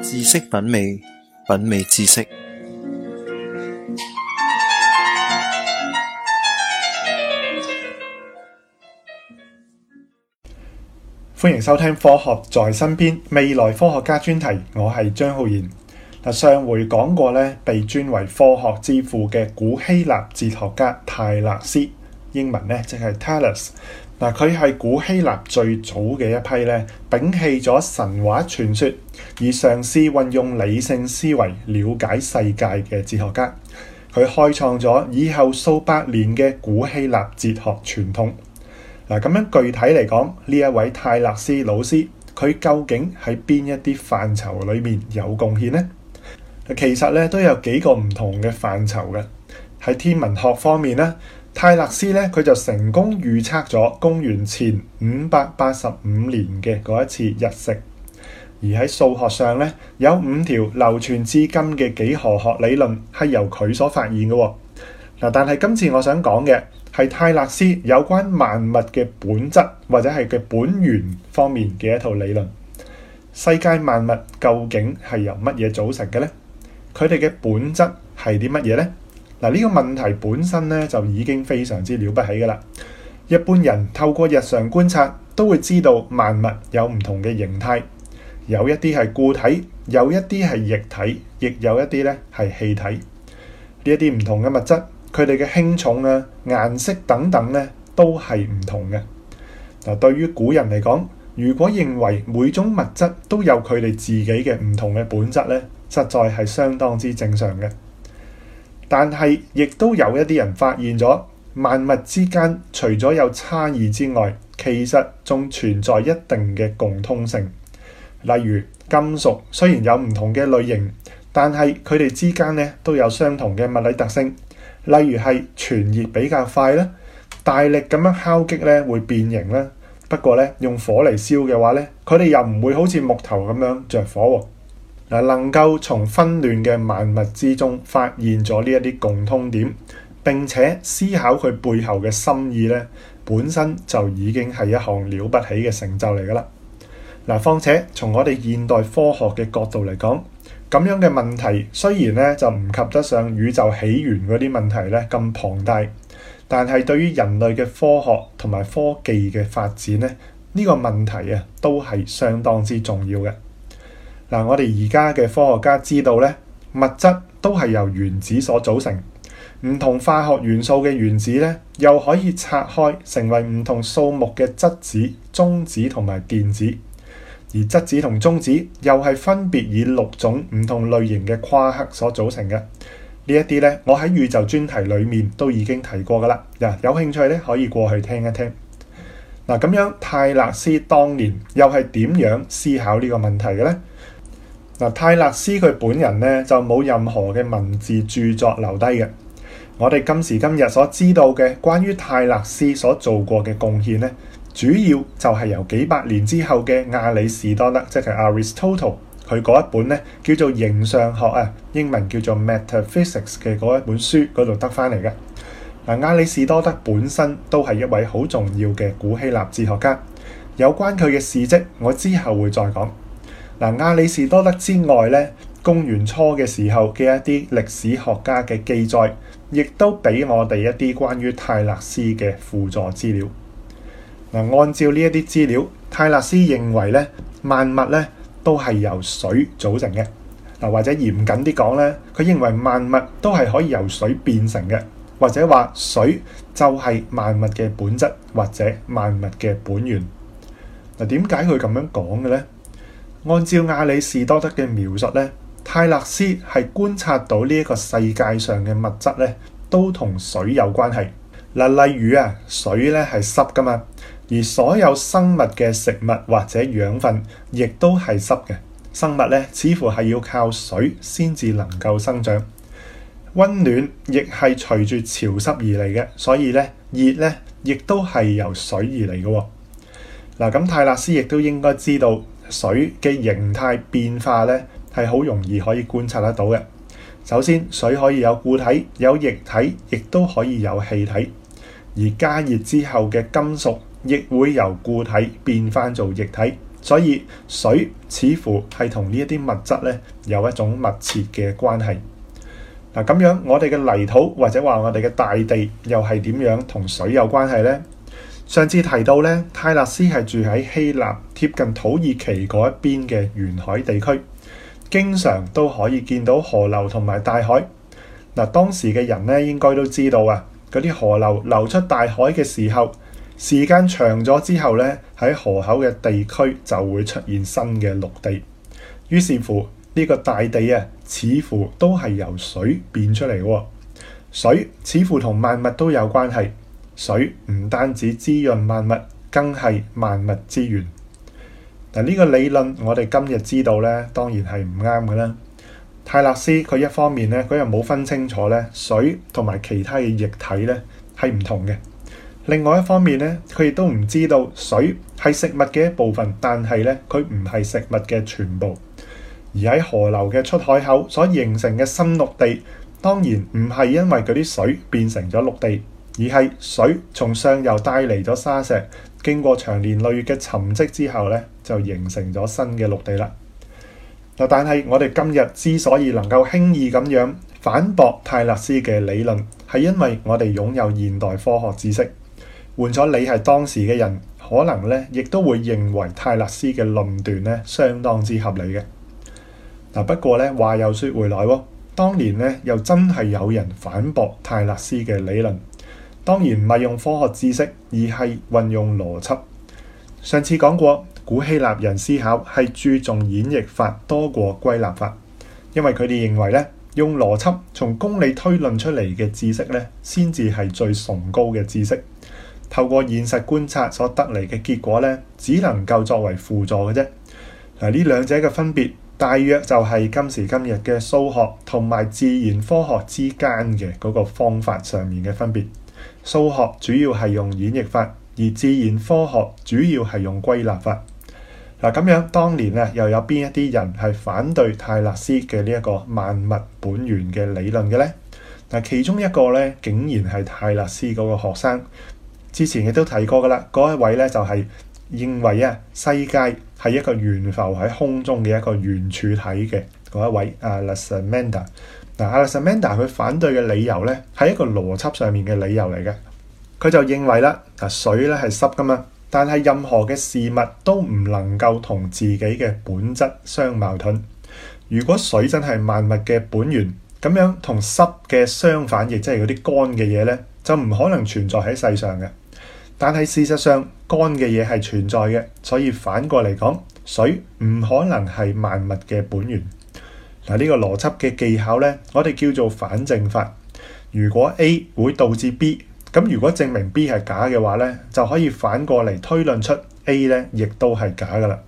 知識品味，品味知識。歡迎收聽《科學在身邊》未來科學家專題，我係張浩然。嗱，上回講過呢，被尊為科學之父嘅古希臘哲學家泰勒斯，英文呢，即係 Thales 嗱，佢係古希臘最早嘅一批咧，摒棄咗神話傳說，而嘗試運用理性思維了解世界嘅哲學家。佢開創咗以後數百年嘅古希臘哲學傳統。嗱，咁樣具體嚟講，呢一位泰勒斯老師，佢究竟喺邊一啲範疇裏面有貢獻呢？其實咧都有幾個唔同嘅範疇嘅。喺天文學方面咧。泰勒斯咧，佢就成功預測咗公元前五百八十五年嘅嗰一次日食。而喺數學上咧，有五條流傳至今嘅幾何學理論係由佢所發現嘅。嗱，但係今次我想講嘅係泰勒斯有關萬物嘅本質，或者係佢本源方面嘅一套理論。世界萬物究竟係由乜嘢組成嘅咧？佢哋嘅本質係啲乜嘢咧？嗱，呢個問題本身咧就已經非常之了不起㗎喇。一般人透過日常觀察都會知道萬物有唔同嘅形態，有一啲係固體，有一啲係液體，亦有一啲咧係氣體。呢一啲唔同嘅物質，佢哋嘅輕重啊、顏色等等咧，都係唔同嘅。嗱，對於古人嚟講，如果認為每種物質都有佢哋自己嘅唔同嘅本質咧，實在係相當之正常嘅。但係，亦都有一啲人發現咗，萬物之間除咗有差異之外，其實仲存在一定嘅共通性。例如金屬雖然有唔同嘅類型，但係佢哋之間咧都有相同嘅物理特性。例如係傳熱比較快咧，大力咁樣敲擊咧會變形啦。不過咧，用火嚟燒嘅話咧，佢哋又唔會好似木頭咁樣着火。嗱，能夠從紛亂嘅萬物之中發現咗呢一啲共通點，並且思考佢背後嘅心意咧，本身就已經係一項了不起嘅成就嚟㗎喇。嗱，況且從我哋現代科學嘅角度嚟講，咁樣嘅問題雖然咧就唔及得上宇宙起源嗰啲問題咧咁龐大，但係對於人類嘅科學同埋科技嘅發展咧，呢個問題啊都係相當之重要嘅。嗱，我哋而家嘅科學家知道咧，物質都係由原子所組成，唔同化學元素嘅原子咧，又可以拆開成為唔同數目嘅質子、中子同埋電子。而質子同中子又係分別以六種唔同類型嘅夸克所組成嘅。呢一啲咧，我喺宇宙專題裡面都已經提過㗎喇。嗱，有興趣咧，可以過去聽一聽。嗱，咁樣泰勒斯當年又係點樣思考呢個問題嘅咧？嗱，泰勒斯佢本人咧就冇任何嘅文字著作留低嘅。我哋今時今日所知道嘅關於泰勒斯所做過嘅貢獻咧，主要就係由幾百年之後嘅亞里士多德，即係 Aristotle，佢嗰一本咧叫做《形上學》啊，英文叫做《Metaphysics》嘅嗰一本書嗰度得翻嚟嘅。嗱，亞里士多德本身都係一位好重要嘅古希臘哲學家，有關佢嘅事蹟，我之後會再講。嗱，亞里士多德之外咧，公元初嘅時候嘅一啲歷史學家嘅記載，亦都俾我哋一啲關於泰勒斯嘅輔助資料。嗱，按照呢一啲資料，泰勒斯認為咧，萬物咧都係由水組成嘅。嗱，或者嚴謹啲講咧，佢認為萬物都係可以由水變成嘅，或者話水就係萬物嘅本質，或者萬物嘅本源。嗱，點解佢噉樣講嘅咧？按照亞里士多德嘅描述咧，泰勒斯係觀察到呢一個世界上嘅物質咧，都同水有關係嗱。例如啊，水咧係濕㗎嘛，而所有生物嘅食物或者養分亦都係濕嘅。生物咧似乎係要靠水先至能夠生長，溫暖亦係隨住潮濕而嚟嘅，所以咧熱咧亦都係由水而嚟嘅嗱。咁泰勒斯亦都應該知道。水嘅形態變化咧係好容易可以觀察得到嘅。首先，水可以有固體、有液體，亦都可以有氣體。而加熱之後嘅金屬亦會由固體變返做液體。所以水似乎係同呢一啲物質咧有一種密切嘅關係。嗱咁樣，我哋嘅泥土或者話我哋嘅大地又係點樣同水有關係咧？上次提到咧，泰勒斯係住喺希臘貼近土耳其嗰一邊嘅沿海地區，經常都可以見到河流同埋大海。嗱，當時嘅人咧應該都知道啊，嗰啲河流流出大海嘅時候，時間長咗之後咧，喺河口嘅地區就會出現新嘅陸地。於是乎呢個大地啊，似乎都係由水變出嚟嘅，水似乎同萬物都有關係。水唔單止滋潤萬物，更係萬物之源。嗱，呢個理論我哋今日知道咧，當然係唔啱嘅啦。泰勒斯佢一方面咧，佢又冇分清楚咧水同埋其他嘅液體咧係唔同嘅。另外一方面咧，佢亦都唔知道水係食物嘅一部分，但係咧佢唔係食物嘅全部。而喺河流嘅出海口所形成嘅新陸地，當然唔係因為嗰啲水變成咗陸地。而係水從上游帶嚟咗沙石，經過長年累月嘅沉積之後咧，就形成咗新嘅陸地啦。嗱，但係我哋今日之所以能夠輕易咁樣反駁泰勒斯嘅理論，係因為我哋擁有現代科學知識。換咗你係當時嘅人，可能咧亦都會認為泰勒斯嘅論斷咧相當之合理嘅，嗱。不過咧，話又說回來喎，當年咧又真係有人反駁泰勒斯嘅理論。當然唔係用科學知識，而係運用邏輯。上次講過，古希臘人思考係注重演繹法多過歸納法，因為佢哋認為咧，用邏輯從公理推論出嚟嘅知識咧，先至係最崇高嘅知識。透過現實觀察所得嚟嘅結果咧，只能夠作為輔助嘅啫。嗱，呢兩者嘅分別，大約就係今時今日嘅數學同埋自然科學之間嘅嗰個方法上面嘅分別。數學主要係用演繹法，而自然科學主要係用歸納法。嗱咁樣，當年咧又有邊一啲人係反對泰勒斯嘅呢一個萬物本源嘅理論嘅咧？嗱，其中一個咧竟然係泰勒斯嗰個學生。之前亦都提過㗎喇，嗰一位咧就係、是、認為啊，世界係一個懸浮喺空中嘅一個圓柱體嘅嗰一位啊，勒神曼達。嗱，阿那克西曼德佢反對嘅理由咧，係一個邏輯上面嘅理由嚟嘅。佢就認為啦，嗱，水咧係濕㗎嘛，但係任何嘅事物都唔能夠同自己嘅本質相矛盾。如果水真係萬物嘅本源，咁樣同濕嘅相反，亦即係嗰啲乾嘅嘢咧，就唔可能存在喺世上嘅。但係事實上乾嘅嘢係存在嘅，所以反過嚟講，水唔可能係萬物嘅本源。嗱，呢個邏輯嘅技巧咧，我哋叫做反證法。如果 A 會導致 B，咁如果證明 B 係假嘅話咧，就可以反過嚟推論出 A 咧，亦都係假噶啦。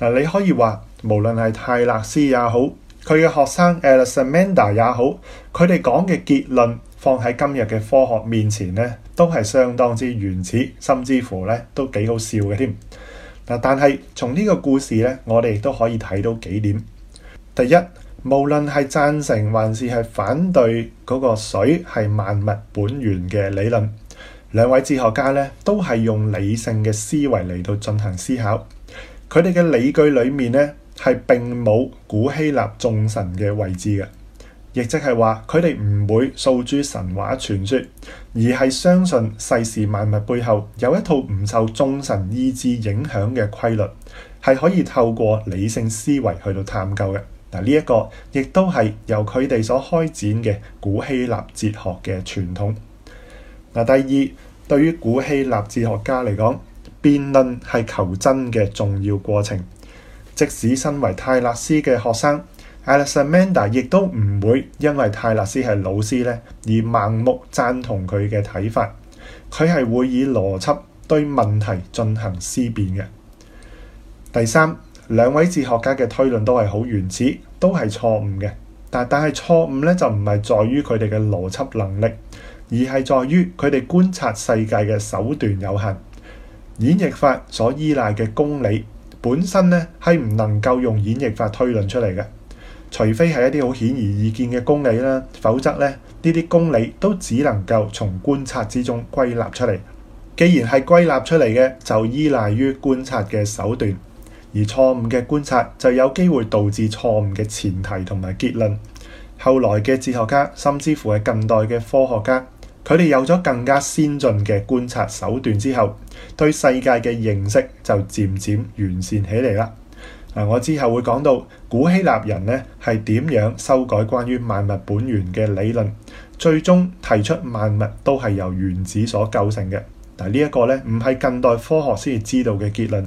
嗱，你可以話，無論係泰勒斯也好，佢嘅學生埃勒斯曼達也好，佢哋講嘅結論放喺今日嘅科學面前咧，都係相當之原始，甚至乎咧都幾好笑嘅添。嗱，但係從呢個故事咧，我哋亦都可以睇到幾點。第一，無論係贊成還是係反對嗰個水係萬物本源嘅理論，兩位哲學家咧都係用理性嘅思維嚟到進行思考。佢哋嘅理據裏面咧係並冇古希臘眾神嘅位置嘅，亦即係話佢哋唔會訴諸神話傳說，而係相信世事萬物背後有一套唔受眾神意志影響嘅規律，係可以透過理性思維去到探究嘅。嗱，呢一個亦都係由佢哋所開展嘅古希臘哲學嘅傳統。嗱，第二，對於古希臘哲學家嚟講，辯論係求真嘅重要過程。即使身為泰勒斯嘅學生，Anaximander 亦都唔會因為泰勒斯係老師咧而盲目贊同佢嘅睇法。佢係會以邏輯對問題進行思辨嘅。第三。兩位哲學家嘅推論都係好原始，都係錯誤嘅。但但係錯誤咧，就唔係在於佢哋嘅邏輯能力，而係在於佢哋觀察世界嘅手段有限。演繹法所依賴嘅公理本身咧係唔能夠用演繹法推論出嚟嘅，除非係一啲好顯而易見嘅公理啦。否則咧，呢啲公理都只能夠從觀察之中歸納出嚟。既然係歸納出嚟嘅，就依賴於觀察嘅手段。而錯誤嘅觀察就有機會導致錯誤嘅前提同埋結論。後來嘅哲學家，甚至乎係近代嘅科學家，佢哋有咗更加先進嘅觀察手段之後，對世界嘅認識就漸漸完善起嚟啦。嗱，我之後會講到古希臘人咧係點樣修改關於萬物本源嘅理論，最終提出萬物都係由原子所構成嘅。嗱，呢一個咧唔係近代科學先至知道嘅結論。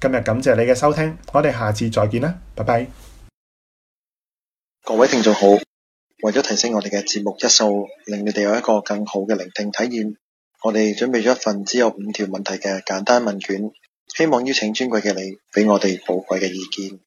今日感謝你嘅收聽，我哋下次再見啦，拜拜！各位聽眾好，為咗提升我哋嘅節目質素，令你哋有一個更好嘅聆聽體驗，我哋準備咗一份只有五條問題嘅簡單問卷，希望邀請尊貴嘅你俾我哋寶貴嘅意見。